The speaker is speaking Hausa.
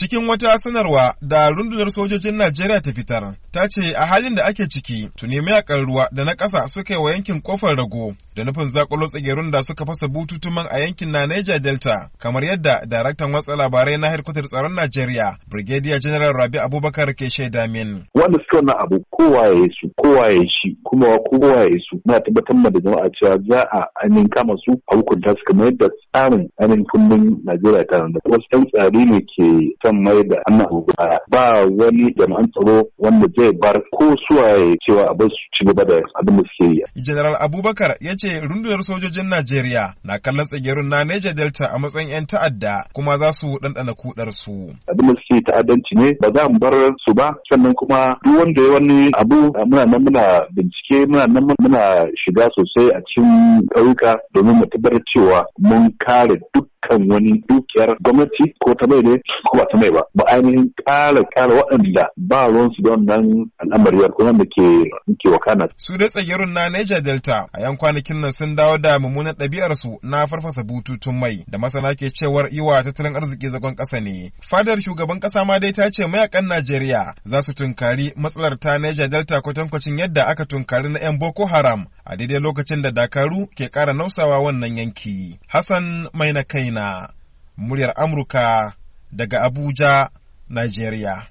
Cikin wata sanarwa da rundunar sojojin Najeriya ta fitar, ta ce a halin da ake ciki tuni mayakan ruwa da na ƙasa suka yi wa yankin kofar rago da nufin zakulo tsagerun da suka fasa bututun a yankin na Niger Delta, kamar yadda daraktan watsa labarai na harkutar tsaron Najeriya, Brigadier General Rabi Abubakar ke shaida min. Wanda suka na abu kowa ya su, kowa ya shi, kuma kowa ya su, na tabbatar da jama'a cewa za a anin kama su a hukunta su kamar yadda tsarin anin kundin Najeriya ta nan da wasu 'yan tsari ne ke kan mai da annabu baya ba wani jami'an tsaro wanda zai bar ko suwaye cewa abin su ci gaba da abin da suke yi. General Abubakar ya ce rundunar sojojin Najeriya na kallon tsagerun na Niger Delta a matsayin 'yan ta'adda kuma za su ɗanɗana kudar su. Abin da suke ta'addanci ne ba za mu bar su ba sannan kuma duk wanda ya wani abu muna nan muna bincike muna nan muna shiga sosai a cikin ƙauyuka domin mu tabbatar cewa mun kare duk kan wani dukiyar gwamnati ko ta mai ne ko ba ta mai ba ba ainihin ƙara kala waɗanda ba su don nan al'amari ko wanda ke ke wakana. su dai tsagerun na Niger Delta a yan kwanakin nan sun dawo da mummunan ɗabi'ar su na farfasa bututun mai da masana ke cewar iwa tattalin arziki zagon ƙasa ne fadar shugaban ƙasa ma dai ta ce mayakan Najeriya za su tunkari matsalar ta Niger Delta kwatankwacin yadda aka tunkari na 'yan Boko Haram a daidai lokacin da dakaru ke ƙara nausawa wannan yanki. Hassan mai na kaina, muryar Amurka daga Abuja, Najeriya.